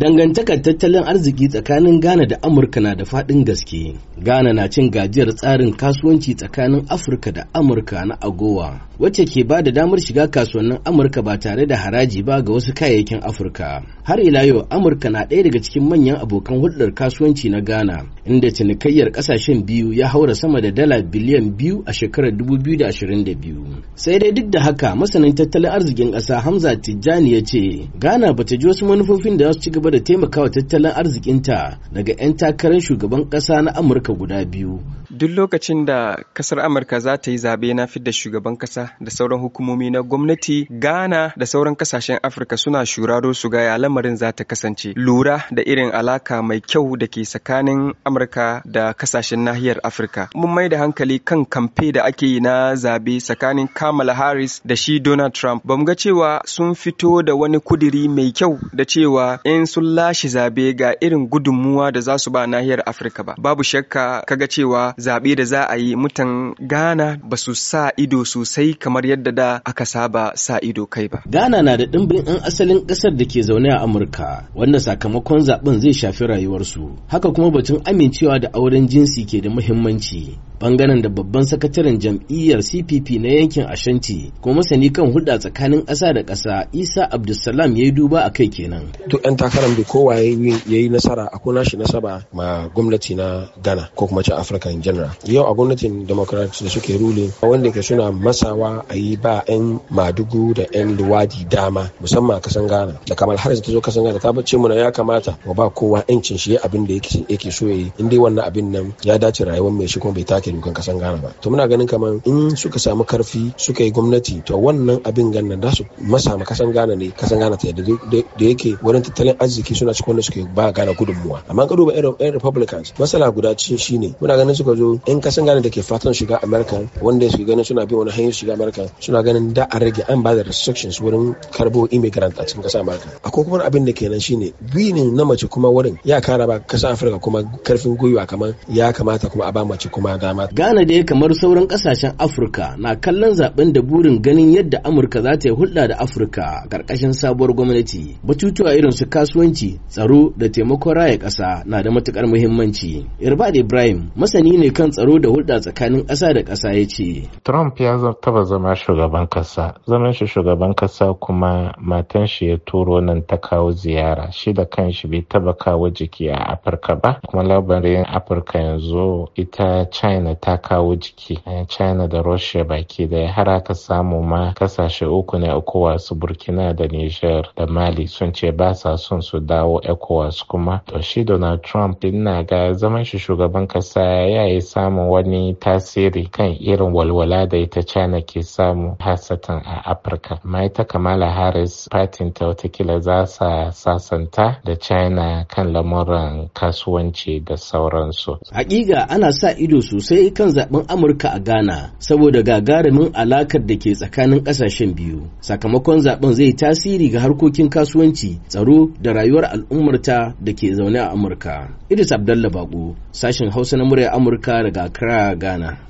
dangantakar tattalin arziki tsakanin ghana da amurka na da faɗin gaske ghana na cin gajiyar tsarin kasuwanci tsakanin afirka da amurka na agowa wacce ke ba da damar shiga kasuwannin amurka ba tare da haraji ba ga wasu kayayyakin afirka har ila yau amurka na ɗaya daga cikin manyan abokan hulɗar kasuwanci na ghana inda cinikayyar ƙasashen biyu ya haura sama da dala biliyan biyu a shekarar 2022 sai dai duk da haka masanin tattalin arzikin ƙasa hamza tijjani ya ce ghana ba ta ji wasu manufofin da za su ci gaba da taimakawa tattalin arzikinta daga 'yan takarar shugaban ƙasa na Amurka guda biyu. duk lokacin da kasar amurka za ta yi zaɓe na fidda shugaban ƙasa da sauran hukumomi na gwamnati ghana da sauran ƙasashen afirka suna shuraro su gaya lamarin za ta kasance lura da irin alaka mai kyau da ke tsakanin amurka da ƙasashen nahiyar afirka mun mai da hankali kan kamfe da ake yi na zaɓe tsakanin kamala harris da shi donald trump bamu ga cewa sun fito da wani kudiri mai kyau da cewa in sun lashe zaɓe ga irin gudunmuwa da za su ba nahiyar afirka ba babu shakka kaga cewa zaɓe da za a yi mutan Ghana ba su sa ido sosai kamar yadda da aka saba sa ido kai ba. Ghana na da ɗimbin 'yan asalin ƙasar da ke zaune a Amurka wanda sakamakon zaɓen zai shafi rayuwarsu. Haka kuma batun amincewa da auren jinsi ke da muhimmanci. bangaren da babban sakataren jam'iyyar cpp na yankin ashanti kuma masani kan hulɗa tsakanin ƙasa da ƙasa isa abdulsalam ya yi duba a kai kenan duk yan takarar da kowa ya yi nasara a kuna shi nasaba ma gwamnati na ghana ko kuma ce African in general yau a gwamnatin democrat da suke rule wanda ke suna masawa a yi ba yan madugu da yan luwadi dama musamman a kasan ghana da kamar har ta zo kasan ghana ta bace mana ya kamata wa ba kowa yancin shi abin da yake so ya yi in dai wannan abin nan ya dace rayuwar mai shi kuma bai take ke dukan kasan Ghana ba to muna ganin kamar in suka samu karfi suka yi gwamnati to wannan abin gannan da su masa ma kasan Ghana ne kasan Ghana ta yadda da yake wurin tattalin arziki suna cikin wanda suke ba Ghana gudunmuwa amma ka duba irin Republicans masala guda cin ne muna ganin suka zo in kasan Ghana da ke fatan shiga America wanda suke ganin suna bin wani hanyar shiga America suna ganin da a rage an ba da restrictions wurin karbo immigrant a cikin kasan America akwai kuma abin da kenan shine ginin na mace kuma wurin ya kara ba kasar Afirka kuma karfin gwiwa kamar ya kamata kuma a ba mace kuma dama kamata. Ghana dai kamar sauran kasashen Afirka na kallon zaben da burin ganin yadda Amurka za ta yi hulɗa da Afirka karkashin sabuwar gwamnati. Batutuwa irin su kasuwanci, tsaro da taimakon raya ƙasa na da matukar muhimmanci. Irbad Ibrahim masani ne kan tsaro da hulɗa tsakanin ƙasa da ƙasa ya ce. Trump ya taba zama shugaban kasa, zaman shi shugaban ƙasa kuma matan shi ya turo nan ta kawo ziyara, shi da kanshi bai taba kawo jiki a Afirka ba, kuma labarin Afirka yanzu ita China ne ta kawo jiki eh, china da russia baki daya har aka samu ma kasashe uku na ecowas burkina da niger da mali sun ce ba sa son su dawo ecowas kuma to shi donald trump din na ga zaman shi shugaban kasa ya yi samun wani tasiri kan irin walwala da ita china ke samu hasatan a afirka amma ita kamala harris fatin ta watakila za sa sasanta da china kan lamuran kasuwanci da sauransu hakika ana sa ido sosai sosai kan zaben Amurka a Ghana saboda gagarumin alakar da ke tsakanin ƙasashen biyu. Sakamakon zaben zai tasiri ga harkokin kasuwanci, tsaro da rayuwar al'ummarta da ke zaune a Amurka. Idris Abdallah Bako, sashen Hausa na murya Amurka daga Accra, Ghana.